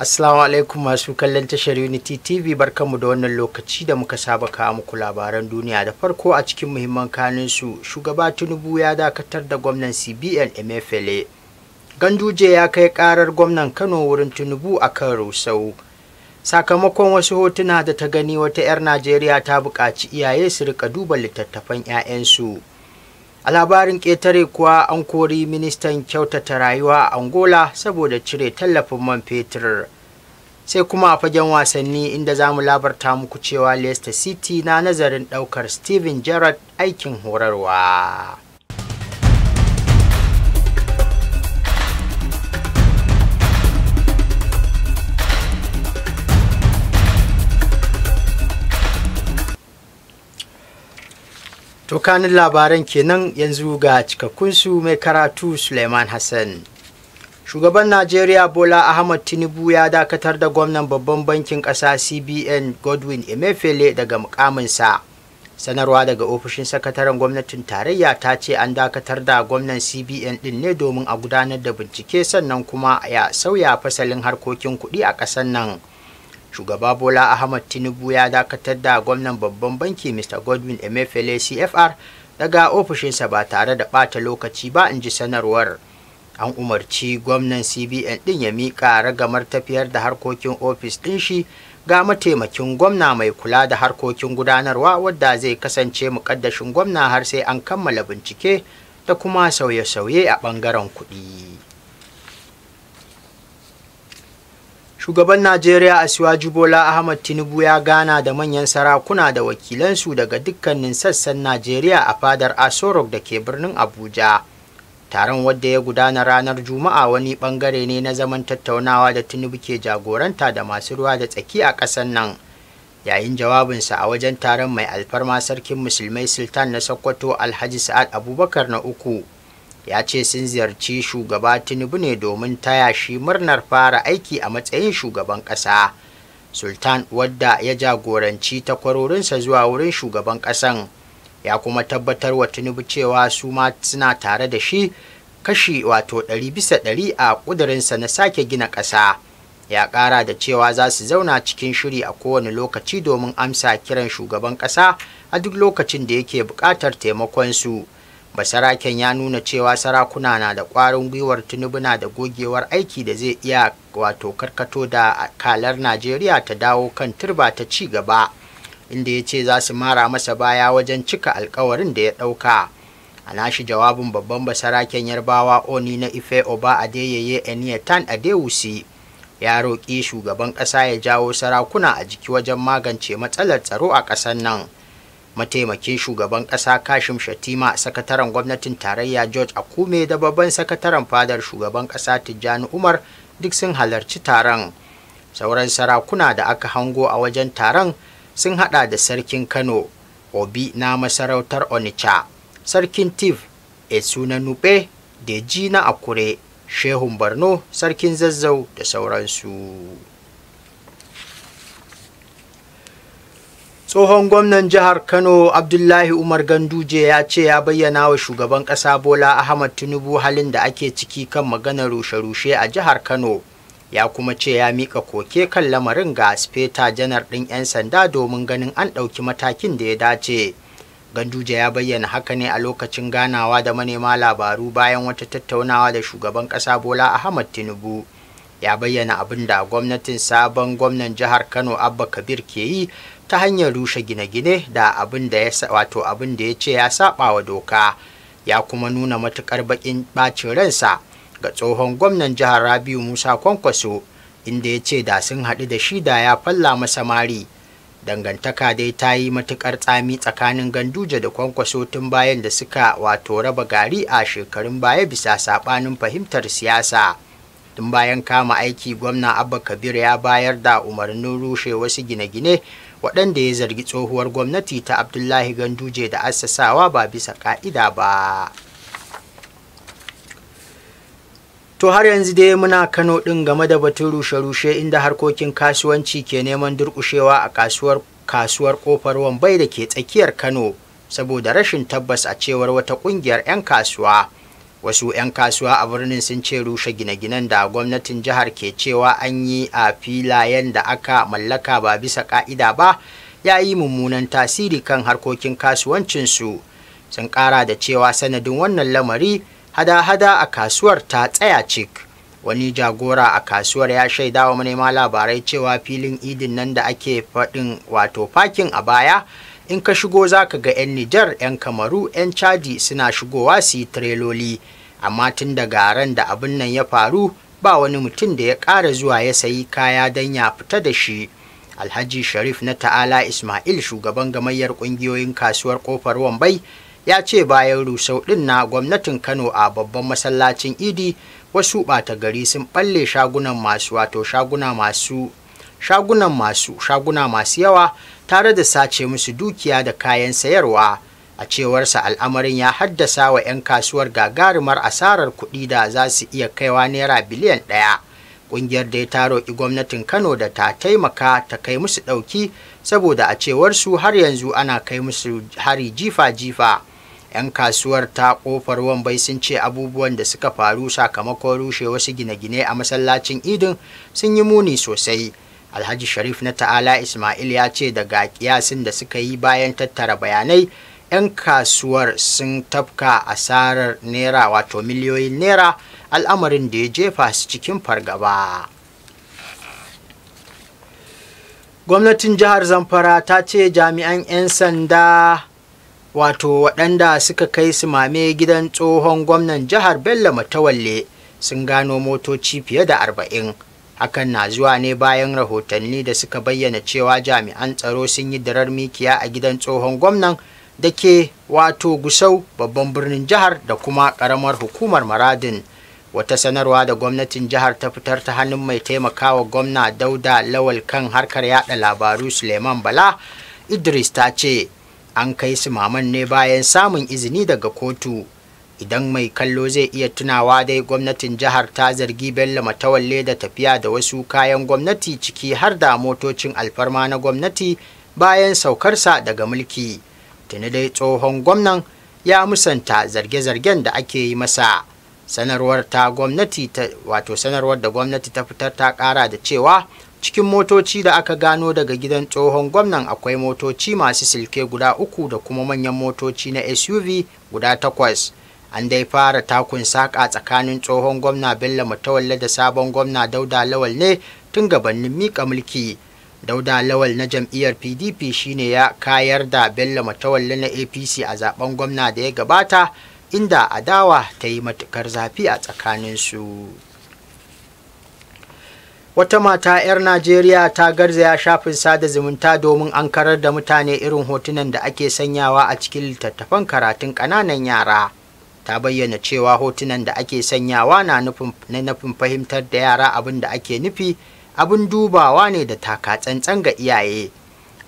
Assalamu alaikum masu kallon tashar Unity TV barkanmu da wannan lokaci da muka saba kawo muku labaran duniya da farko a cikin muhimman kanin su shugaba Tinubu ya dakatar da gwamnan CBN Emefiele. Ganduje ya kai karar gwamnan Kano wurin Tinubu a kan Rusau. Sakamakon wasu hotuna da ta gani wata 'yar Najeriya ta buƙaci iyaye su rika duba littattafan 'ya'yansu. a labarin ƙetare kuwa an kori ministan kyautata rayuwa a angola saboda cire tallafin man fetur sai kuma a fagen wasanni inda za mu labarta muku cewa leicester city na nazarin ɗaukar steven gerrard aikin horarwa To kanin labaran kenan yanzu ga cikakkunsu mai karatu Suleiman Hassan. Shugaban Najeriya Bola Ahmad Tinubu ya dakatar da gwamnan babban bankin ƙasa CBN Godwin Emefiele daga mukaminsa. Sanarwa daga ofishin sakataren gwamnatin tarayya ta ce an dakatar da gwamnan CBN ɗin ne domin a gudanar da bincike sannan kuma ya sauya fasalin harkokin kuɗi a ƙasar nan. shugaba bola ahmad tinubu ya dakatar da gwamnan babban banki mr godwin emefiele cfr daga ofishinsa ba tare da bata lokaci ba in ji sanarwar an umarci gwamnan cbn ɗin ya miƙa ragamar tafiyar da harkokin ofis ɗin shi ga mataimakin gwamna mai kula da harkokin gudanarwa wadda zai kasance muƙaddashin gwamna har sai an kammala bincike ta kuma sauye-sauye a ɓangaren kuɗi. shugaban najeriya asiwaju bola ahmad tinubu ya gana da manyan sarakuna da wakilansu daga dukkanin sassan najeriya a fadar asorok da ke birnin abuja taron wadda ya gudana ranar juma'a wani bangare ne na zaman tattaunawa da tinubu ke jagoranta da masu ruwa da tsaki a ƙasar nan yayin jawabinsa a wajen taron mai alfarma sarkin musulmai sultan na sokoto alhaji sa'ad abubakar na uku ya ce sun ziyarci shugaba tinubu ne domin taya shi murnar fara aiki a matsayin shugaban ƙasa sultan wadda ya jagoranci takwarorinsa zuwa wurin shugaban ƙasan ya kuma tabbatar wa tinubu cewa su ma suna tare da shi kashi wato ɗari bisa ɗari a ƙudurinsa na sake gina ƙasa ya ƙara da cewa za su zauna cikin shiri a kowane lokaci domin amsa kiran shugaban ƙasa a duk lokacin da yake buƙatar taimakonsu. su basaraken ya nuna cewa sarakuna na da ƙwarin gwiwar tinubu na da gogewar aiki da zai iya wato karkato da kalar najeriya ta dawo kan turba ta ci gaba inda ya ce za su mara masa baya wajen cika alkawarin da ya ɗauka a nashi jawabin babban basaraken yarbawa oni na ife oba adeyeye eniyatan adewusi ya roƙi shugaban ƙasa ya jawo sarakuna a jiki wajen magance matsalar tsaro a ƙasar nan mataimakin shugaban ƙasa kashim shatima sakataren gwamnatin tarayya george akume da babban sakataren fadar shugaban ƙasa tijjani umar duk sun halarci taron sauran sarakuna da aka hango a wajen taron sun hada da sarkin kano obi na masarautar onitsha sarkin tiv esu na nupe deji na akure shehun barno, sarkin zazzau da sauransu tsohon gwamnan jihar kano abdullahi umar ganduje ya ce ya bayyana wa shugaban ƙasa bola ahmad tinubu halin da ake ciki kan maganar rushe-rushe a jihar kano ya kuma ce ya mika koke kan lamarin ga speta janar ɗin 'yan sanda domin ganin an ɗauki matakin da ya dace ganduje ya bayyana haka ne a lokacin ganawa da manema labaru bayan wata tattaunawa da shugaban ƙasa bola ahmad tinubu ya bayyana abin da gwamnatin sabon gwamnan jihar kano abba kabir ke yi ta hanyar rushe gine-gine da abin da ya wato abin da ya ce ya saba wa doka ya kuma nuna matukar bakin bacin ransa ga tsohon gwamnan jihar Rabiu Musa Kwankwaso inda ya ce da sun haɗu da shi da ya falla masa mari dangantaka dai ta yi matukar tsami tsakanin ganduje da kwankwaso tun bayan da suka wato raba gari a shekarun baya bisa sabanin fahimtar siyasa tun bayan kama aiki gwamna abba kabir ya bayar da umarnin rushe wasu gine-gine waɗanda ya zargi tsohuwar gwamnati ta abdullahi ganduje da assasawa ba bisa ka'ida ba to har yanzu dai muna kano ɗin game da batun rushe-rushe inda harkokin kasuwanci ke neman durƙushewa a kasuwar kasuwar kofar wambai da ke tsakiyar kano saboda rashin tabbas a cewar wata ƙungiyar 'yan kasuwa wasu 'yan kasuwa a birnin sun ce rushe gine-ginen da gwamnatin jihar ke cewa an yi a filayen da aka mallaka ba bisa ka'ida ba ya yi mummunan tasiri kan harkokin kasuwancinsu sun kara da cewa sanadin wannan lamari hada-hada a kasuwar ta tsaya cik wani jagora a kasuwar ya shaidawa manema labarai cewa filin idin nan da ake faɗin wato fakin a baya in ka shigo za ka ga 'yan Nijar, 'yan Kamaru, 'yan Chadi suna shigowa su yi tireloli. Amma tun daga ran da abin nan ya faru ba wani mutum da ya ƙara zuwa ya sayi kaya don ya fita da shi. Alhaji Sharif na Ta'ala Ismail shugaban gamayyar ƙungiyoyin kasuwar ƙofar Wambai ya ce bayan rusau ɗin na gwamnatin Kano a babban masallacin Idi wasu ɓata gari sun ɓalle shagunan masu wato shaguna masu shaguna masu yawa tare da sace musu dukiya da kayan sayarwa a cewarsa al'amarin ya haddasa wa 'yan kasuwar gagarumar asarar kuɗi da za su iya kaiwa naira biliyan ɗaya ƙungiyar da ya ta i gwamnatin kano da ta taimaka ta kai musu ɗauki saboda a cewarsu har yanzu ana kai musu hari jifa-jifa 'yan kasuwar ta ƙofar wambai sun ce abubuwan da suka faru sakamakon rushe wasu gine-gine a masallacin idin sun yi muni sosai alhaji sharif na ta'ala ismail ya ce daga kiyasin da suka yi bayan tattara bayanai 'yan kasuwar sun tafka asarar naira wato miliyoyin naira al'amarin da ya jefa su cikin fargaba gwamnatin jihar zamfara ta ce jami'an 'yan sanda wato waɗanda suka kai su mame gidan tsohon gwamnan jihar bello matawalle sun gano motoci fiye da arba'in. hakan na zuwa ne bayan rahotanni da suka bayyana cewa jami'an tsaro sun yi darar mikiya a gidan tsohon gwamnan da ke wato gusau babban birnin jihar da kuma karamar hukumar maradin wata sanarwa da gwamnatin jihar ta fitar ta hannun mai taimakawa gwamna dauda lawal kan harkar yada labaru suleiman bala idris ta ce an kai su maman ne bayan samun izini daga kotu idan mai kallo zai iya tunawa dai gwamnatin jihar ta zargi bello matawalle da tafiya da wasu kayan gwamnati ciki har da motocin alfarma na gwamnati bayan saukarsa daga mulki tuni dai tsohon gwamnan ya musanta zarge-zargen da ake yi masa sanarwar ta gwamnati wato sanarwar da gwamnati ta fitar ta kara da cewa cikin motoci da aka gano daga gidan tsohon gwamnan akwai motoci masu silke guda uku da kuma manyan motoci na suv guda takwas an dai fara takun saƙa tsakanin tsohon gwamna bello mutawalle da sabon gwamna dauda lawal ne tun gabanin miƙa mulki dauda lawal na jam'iyyar pdp shine ya kayar da bello mutawalle na apc a zaben gwamna da ya gabata inda adawa ta yi matukar zafi a tsakanin su wata mata 'yar najeriya ta garzaya shafin sada zumunta domin an karar da mutane irin hotunan da ake sanyawa a cikin littattafan karatun ƙananan yara ta bayyana cewa hotunan da ake sanyawa na nufin fahimtar da yara abin da ake nufi abin dubawa ne da taka tsantsan ga iyaye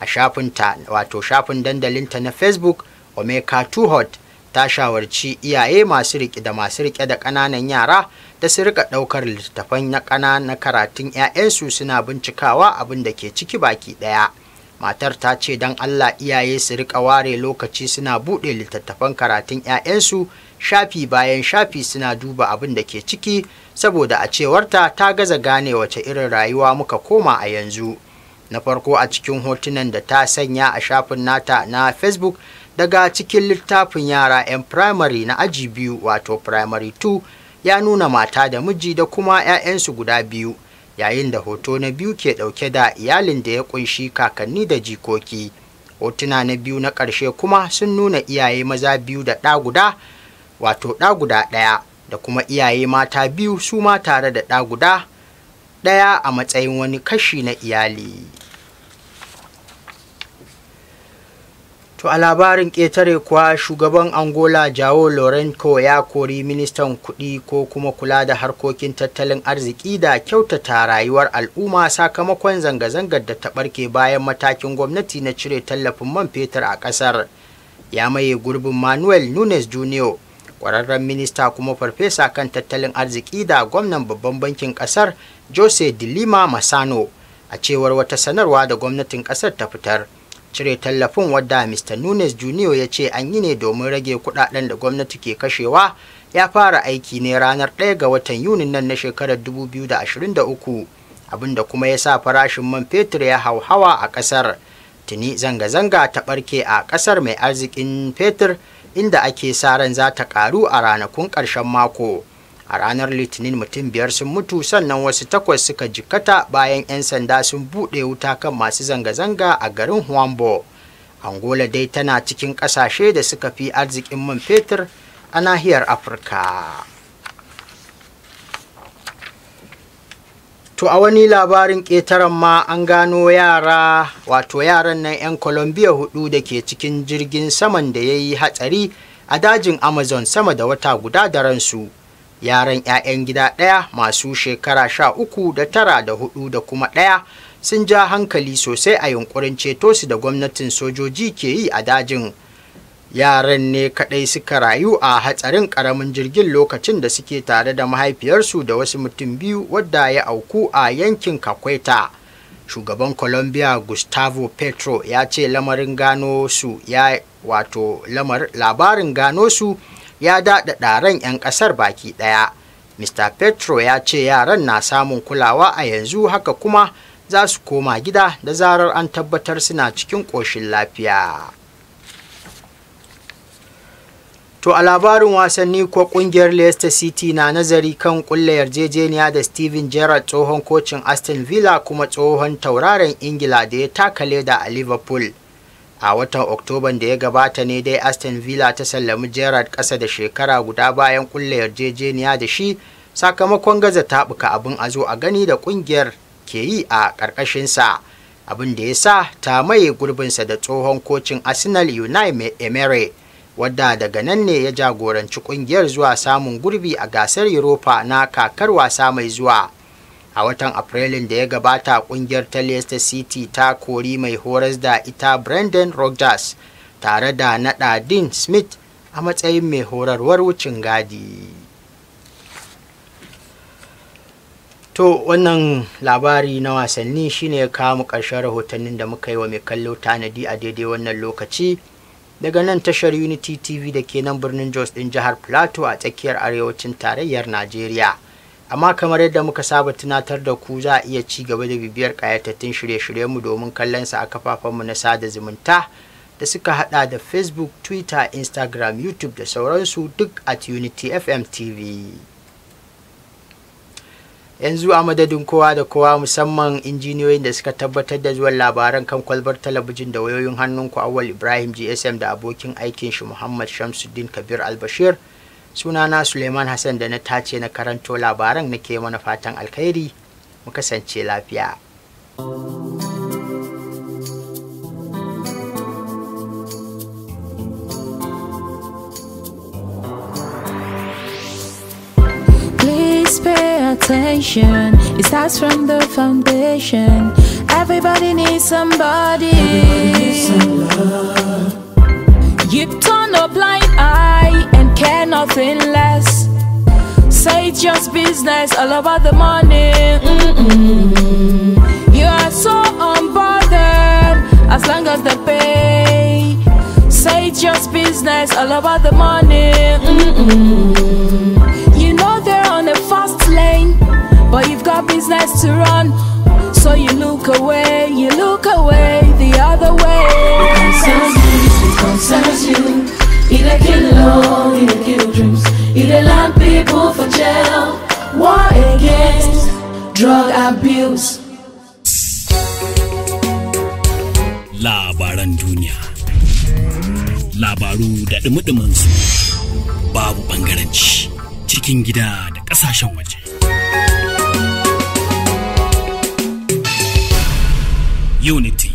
a ta wato shafin dandalinta na facebook omeka tuhot ta shawarci iyaye masu rike da masu rike da ƙananan yara da su rika ɗaukar littattafan na ƙananan karatun 'ya'yansu suna bincikawa abin da ke ciki baki ɗaya matar ta ce don allah iyaye su rika ware lokaci suna buɗe littattafan karatun 'ya'yansu shafi bayan shafi suna duba abin da ke ciki saboda a cewarta ta gaza gane wace irin rayuwa muka koma a yanzu na farko a cikin hotunan da ta sanya a shafin nata na facebook daga cikin littafin yara 'yan firamare na aji biyu wato firamare 2 ya nuna mata da miji da kuma 'ya'yansu guda biyu yayin da hoto na biyu ke dauke da iyalin da ya kunshi kakanni da jikoki hotuna na biyu na ƙarshe kuma sun nuna iyaye maza biyu da ɗa guda wato ɗa guda ɗaya da kuma iyaye mata biyu su ma tare da ɗa guda ɗaya a matsayin wani kashi na iyali to a labarin ƙetare kuwa shugaban angola jao lorenco ya kori ministan kuɗi ko kuma kula da harkokin tattalin arziki da kyautata rayuwar al'umma sakamakon zanga-zangar da ta ɓarke bayan matakin gwamnati na cire tallafin man fetur a ƙasar ya maye gurbin manuel nunes junior kwararren minista kuma farfesa kan tattalin arziki da gwamnan babban bankin kasar jose de Lima masano a cewar wata sanarwa da gwamnatin kasar ta fitar cire tallafin wadda mr nunes junior ya ce an yi ne domin rage kudaden da gwamnati ke kashewa ya fara aiki ne ranar 1 ga watan yunin nan na shekarar 2023 abinda kuma ya sa farashin man fetur ya hau hawa a kasar tuni zanga-zanga ta barke a kasar mai arzikin fetur inda ake sa ran za ta karu a ranakun ƙarshen mako a ranar litinin mutum biyar sun mutu sannan wasu takwas suka jikata bayan 'yan sanda sun buɗe wuta kan masu zanga-zanga a garin huambo angola dai tana cikin ƙasashe da suka fi arzikin man fetur a nahiyar afirka to a wani labarin ƙetaren ma an gano yara wato yaran nan 'yan colombia hudu da ke cikin jirgin saman da ya yi hatsari a dajin amazon sama da wata guda da ransu yaran 'ya'yan gida ɗaya masu shekara sha uku da tara da hudu da kuma ɗaya sun ja hankali sosai a yunkurin ceto su da gwamnatin sojoji ke yi a dajin yaran ne kadai suka rayu a hatsarin karamin jirgin lokacin da suke tare da mahaifiyarsu da wasu mutum biyu wadda ya auku a yankin kakwaita shugaban colombia gustavo petro ya ce lamarin gano su ya wato lamar labarin gano su ya daɗa ran 'yan ƙasar baki ɗaya mr petro ya ce yaran na samun kulawa a yanzu haka kuma za su koma gida da zarar an tabbatar suna cikin ƙoshin lafiya To a labarin wasanni ko kungiyar Leicester City na nazari kan kulle yarjejeniya da Steven Gerrard tsohon kocin Aston Villa kuma tsohon tauraron Ingila da ya taka leda a Liverpool. A watan Oktoban da ya gabata ne dai Aston Villa ta sallami Gerrard ƙasa da shekara guda bayan kulle yarjejeniya da shi sakamakon gaza taɓuka abin a zo a gani da kungiyar ke yi a ƙarƙashinsa. Abin da ya sa ta maye gurbinsa da tsohon kocin Arsenal Unai Emery. wadda daga nan ne ya jagoranci kungiyar zuwa samun gurbi a gasar Europa na kakar wasa mai zuwa. A watan Afrilun da ya gabata kungiyar ta Leicester City ta kori mai horas da ita Brendan Rodgers tare da nada Dean Smith a matsayin mai horarwar wucin gadi. To wannan labari na wasanni shine ya kawo mu ƙarshen rahotannin da muka yi wa mai kallo tanadi a daidai wannan lokaci. daga nan tashar unity tv da ke nan birnin jos din jihar plateau a tsakiyar arewacin tarayyar najeriya amma kamar yadda muka saba tunatar da ku za a iya ci gaba da bibiyar kayatattun shirye-shiryenmu domin kallon sa a kafafenmu na sada zumunta da suka hada da facebook twitter instagram youtube da sauransu duk at unity fm tv yanzu a madadin kowa da kowa musamman injiniyoyin da suka tabbatar da zuwan labaran kan kwalbar talabijin da wayoyin hannun ku awal ibrahim gsm da abokin aikin shi muhammad shamsuddin kabir albashir sunana suleiman hassan da na tace na karanto labaran nake mana fatan alkhairi mu kasance lafiya. thank you attention. It starts from the foundation. Everybody needs somebody. Everybody needs some you turn a blind eye and care nothing less. Say it's just business, all about the money. Mm -mm. You are so unbothered as long as they pay. Say it's just business, all about the money. Mm always nice to run So you look away, you look away the other way It concerns you, it concerns you Either kill love, either kill dreams Either land people for jail War against drug abuse Labaran duniya Labaru da dumi su babu ɓangaranci chicken gida da ƙasashen waje. unity.